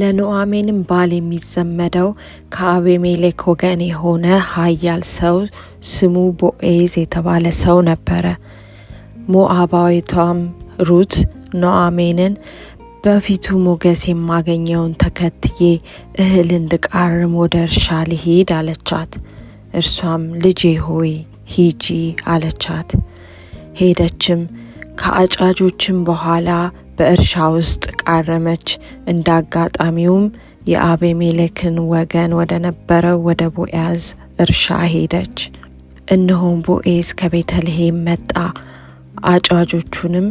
ለኑዓሚንም ባል የሚዘመደው ከአቤሜሌክ ወገን የሆነ ኃያል ሰው ስሙ ቦኤዝ የተባለ ሰው ነበረ። ሞአባዊቷም ሩት ኑዓሚንን በፊቱ ሞገስ የማገኘውን ተከትዬ እህል እንድቃርም ወደ እርሻ ልሂድ አለቻት። እርሷም ልጄ ሆይ ሂጂ አለቻት። ሄደችም ከአጫጆችም በኋላ በእርሻ ውስጥ ቃረመች። እንዳጋጣሚውም አጋጣሚውም የአቤሜሌክን ወገን ወደ ነበረው ወደ ቦኤዝ እርሻ ሄደች። እነሆም ቦኤዝ ከቤተልሔም መጣ። አጫጆቹንም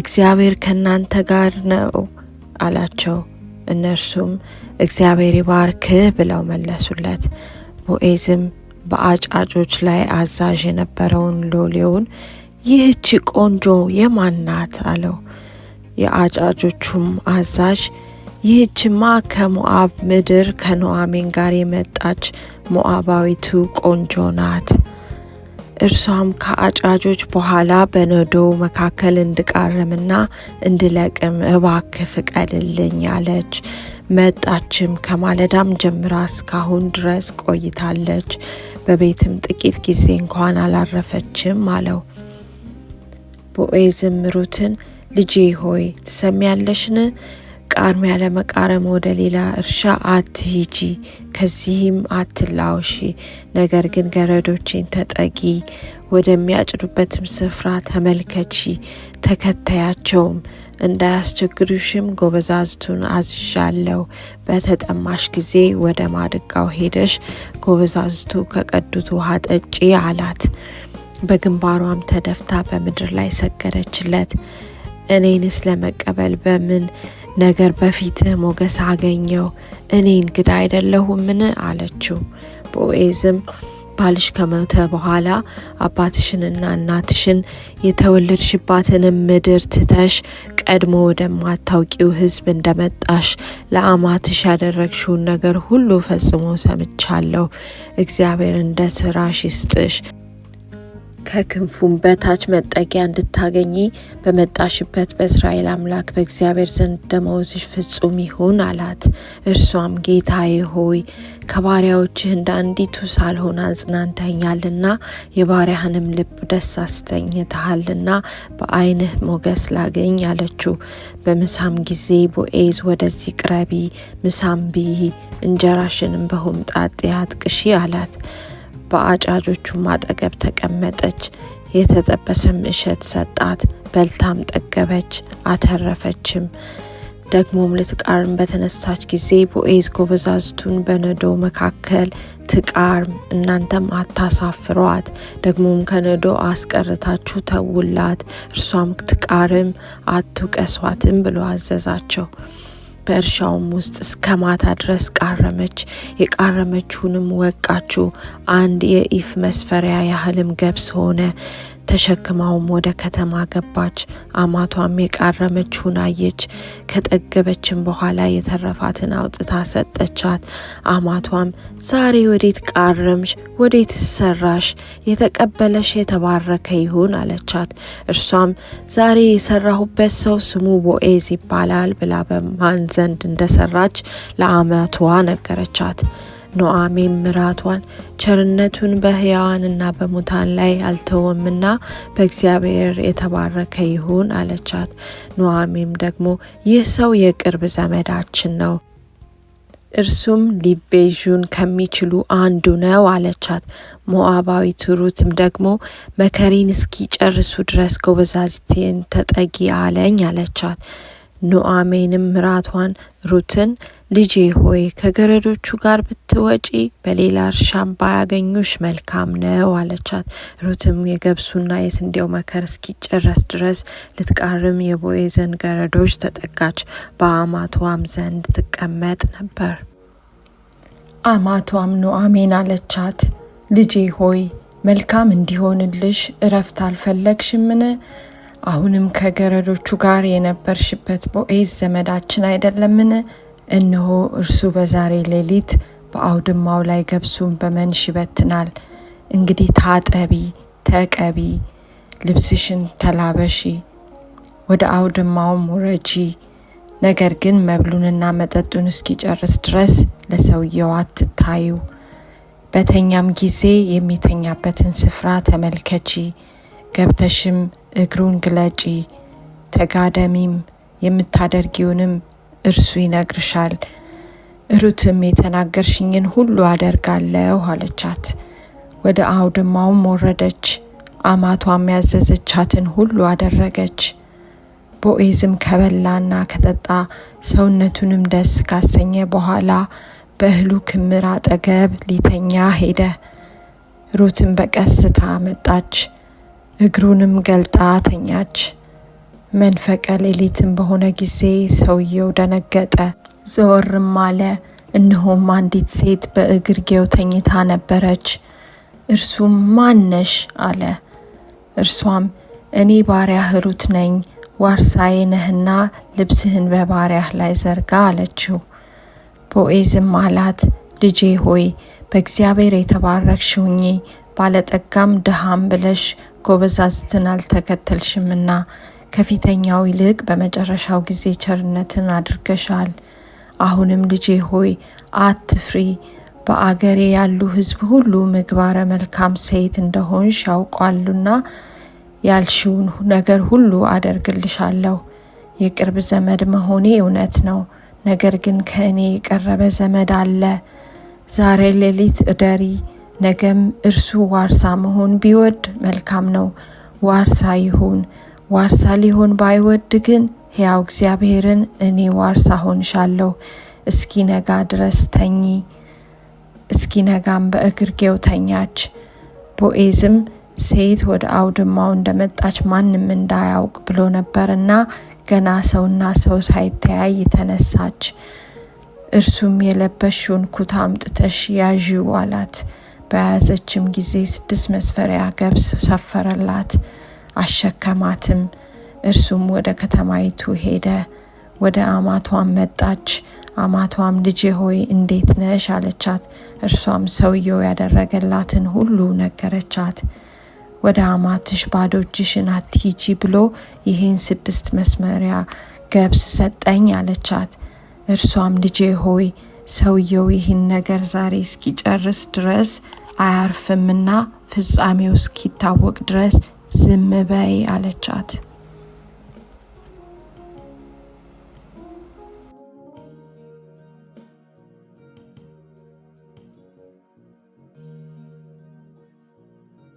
እግዚአብሔር ከእናንተ ጋር ነው አላቸው። እነርሱም እግዚአብሔር ይባርክህ ብለው መለሱለት። ቦኤዝም በአጫጆች ላይ አዛዥ የነበረውን ሎሌውን ይህች ቆንጆ የማን ናት? አለው። የአጫጆቹም አዛዥ ይህችማ ከሞዓብ ምድር ከኑዓሚን ጋር የመጣች ሞዓባዊቱ ቆንጆ ናት፣ እርሷም ከአጫጆች በኋላ በነዶ መካከል እንድቃረምና እንድለቅም እባክ ፍቀድልኝ አለች። መጣችም ከማለዳም ጀምራ እስካሁን ድረስ ቆይታለች። በቤትም ጥቂት ጊዜ እንኳን አላረፈችም አለው። ቦዔዝም ሩትን ልጄ ሆይ ትሰሚያለሽን? ቃርም ያለ ወደ ሌላ እርሻ አትሂጂ፣ ከዚህም አትላውሺ። ነገር ግን ገረዶችን ተጠጊ፣ ወደሚያጭዱበትም ስፍራ ተመልከቺ፣ ተከታያቸውም። እንዳያስቸግሩሽም ጎበዛዝቱን አዝዣለሁ። በተጠማሽ ጊዜ ወደ ማድጋው ሄደሽ ጎበዛዝቱ ከቀዱት ውሃ ጠጪ አላት። በግንባሯም ተደፍታ በምድር ላይ ሰገደችለት። እኔንስ ለመቀበል በምን ነገር በፊትህ ሞገስ አገኘው? እኔ እንግዳ አይደለሁምን? አለችው። ቦኤዝም ባልሽ ከሞተ በኋላ አባትሽንና እናትሽን የተወለድሽባትንም ምድር ትተሽ ቀድሞ ወደማታውቂው ሕዝብ እንደመጣሽ ለአማትሽ ያደረግሽውን ነገር ሁሉ ፈጽሞ ሰምቻለሁ። እግዚአብሔር እንደ ስራሽ ይስጥሽ። ከክንፉም በታች መጠጊያ እንድታገኚ በመጣሽበት በእስራኤል አምላክ በእግዚአብሔር ዘንድ ደመወዝሽ ፍጹም ይሁን አላት። እርሷም ጌታዬ ሆይ ከባሪያዎችህ እንደ አንዲቱ ሳልሆን አጽናንተኛልና የባሪያህንም ልብ ደስ አስተኝተሃልና በዓይንህ ሞገስ ላገኝ አለችው። በምሳም ጊዜ ቦኤዝ ወደዚህ ቅረቢ፣ ምሳም ብይ፣ እንጀራሽንም በሆምጣጤ አጥቅሺ አላት። በአጫጆቹም አጠገብ ተቀመጠች። የተጠበሰም እሸት ሰጣት፣ በልታም ጠገበች፣ አተረፈችም። ደግሞም ልትቃርም በተነሳች ጊዜ ቦኤዝ ጎበዛዝቱን በነዶ መካከል ትቃርም፣ እናንተም አታሳፍሯት፣ ደግሞም ከነዶ አስቀርታችሁ ተውላት፣ እርሷም ትቃርም፣ አትውቀሷትም ብሎ አዘዛቸው። በእርሻውም ውስጥ እስከ ማታ ድረስ ቃረመች። የቃረመችውንም ወቃችው። አንድ የኢፍ መስፈሪያ ያህልም ገብስ ሆነ። ተሸክማውም ወደ ከተማ ገባች። አማቷም የቃረመችውን አየች። ከጠገበችም በኋላ የተረፋትን አውጥታ ሰጠቻት። አማቷም ዛሬ ወዴት ቃረምሽ? ወዴት ሰራሽ? የተቀበለሽ የተባረከ ይሁን አለቻት። እርሷም ዛሬ የሰራሁበት ሰው ስሙ ቦኤዝ ይባላል ብላ በማን ዘንድ እንደሰራች ለአማቷ ነገረቻት። ኖአሜም ምራቷን ቸርነቱን በሕያዋንና በሙታን ላይ አልተወምና በእግዚአብሔር የተባረከ ይሁን አለቻት። ኖአሜም ደግሞ ይህ ሰው የቅርብ ዘመዳችን ነው እርሱም ሊቤዥን ከሚችሉ አንዱ ነው አለቻት። ሞዓባዊቱ ሩትም ደግሞ መከሬን እስኪ ጨርሱ ድረስ ጎበዛዝቴን ተጠጊ አለኝ አለቻት። ኑአሜንም ምራቷን ሩትን ልጄ ሆይ ከገረዶቹ ጋር ብትወጪ በሌላ እርሻም ባያገኙሽ መልካም ነው አለቻት። ሩትም የገብሱና የስንዴው መከር እስኪጨረስ ድረስ ልትቃርም የቦኤዘን ገረዶች ተጠጋች። በአማቷም ዘንድ ትቀመጥ ነበር። አማቷም ኑአሜን አለቻት፣ ልጄ ሆይ መልካም እንዲሆንልሽ እረፍት አልፈለግሽምን? አሁንም ከገረዶቹ ጋር የነበርሽበት ቦኤዝ ዘመዳችን አይደለምን? እነሆ እርሱ በዛሬ ሌሊት በአውድማው ላይ ገብሱን በመንሽ ይበትናል። እንግዲህ ታጠቢ፣ ተቀቢ፣ ልብስሽን ተላበሺ፣ ወደ አውድማውም ውረጂ። ነገር ግን መብሉንና መጠጡን እስኪጨርስ ድረስ ለሰውየው አትታዩ። በተኛም ጊዜ የሚተኛበትን ስፍራ ተመልከቺ፣ ገብተሽም እግሩን ግለጪ ተጋደሚም፣ የምታደርጊውንም እርሱ ይነግርሻል። ሩትም የተናገርሽኝን ሁሉ አደርጋለሁ አለቻት። ወደ አውድማውም ወረደች፣ አማቷም ያዘዘቻትን ሁሉ አደረገች። ቦኤዝም ከበላና ከጠጣ ሰውነቱንም ደስ ካሰኘ በኋላ በእህሉ ክምር አጠገብ ሊተኛ ሄደ። ሩትም በቀስታ መጣች። እግሩንም ገልጣ ተኛች። መንፈቀ ሌሊትም በሆነ ጊዜ ሰውየው ደነገጠ፣ ዘወርም አለ። እነሆም አንዲት ሴት በእግርጌው ተኝታ ነበረች። እርሱም ማነሽ አለ። እርሷም እኔ ባሪያህ ሩት ነኝ፣ ዋርሳዬ ነህና ልብስህን በባሪያህ ላይ ዘርጋ አለችው። ቦኤዝም አላት፣ ልጄ ሆይ በእግዚአብሔር የተባረክሽ ሁኚ፣ ባለጠጋም ድሃም ብለሽ ጎበዛዝትን አልተከተልሽምና ከፊተኛው ይልቅ በመጨረሻው ጊዜ ቸርነትን አድርገሻል። አሁንም ልጄ ሆይ አትፍሪ፣ በአገሬ ያሉ ሕዝብ ሁሉ ምግባረ መልካም ሴት እንደሆንሽ ያውቋሉና ያልሽውን ነገር ሁሉ አደርግልሻለሁ። የቅርብ ዘመድ መሆኔ እውነት ነው፣ ነገር ግን ከእኔ የቀረበ ዘመድ አለ። ዛሬ ሌሊት እደሪ ነገም እርሱ ዋርሳ መሆን ቢወድ መልካም ነው፣ ዋርሳ ይሁን። ዋርሳ ሊሆን ባይወድ ግን ሕያው እግዚአብሔርን እኔ ዋርሳ ሆንሻለሁ፣ እስኪ ነጋ ድረስ ተኚ። እስኪ ነጋም በእግርጌው ተኛች። ቦኤዝም ሴት ወደ አውድማው እንደመጣች ማንም እንዳያውቅ ብሎ ነበርና ገና ሰውና ሰው ሳይተያይ ተነሳች። እርሱም የለበሽውን ኩታ አምጥተሽ አላት። በያዘችም ጊዜ ስድስት መስፈሪያ ገብስ ሰፈረላት፣ አሸከማትም። እርሱም ወደ ከተማይቱ ሄደ። ወደ አማቷም መጣች። አማቷም ልጄ ሆይ እንዴት ነሽ አለቻት። እርሷም ሰውየው ያደረገላትን ሁሉ ነገረቻት። ወደ አማትሽ ባዶ እጅሽን አትሂጂ ብሎ ይህን ስድስት መስመሪያ ገብስ ሰጠኝ አለቻት። እርሷም ልጄ ሆይ ሰውየው ይህን ነገር ዛሬ እስኪጨርስ ድረስ አያርፍምና ፍጻሜው እስኪታወቅ ድረስ ዝም በይ አለቻት።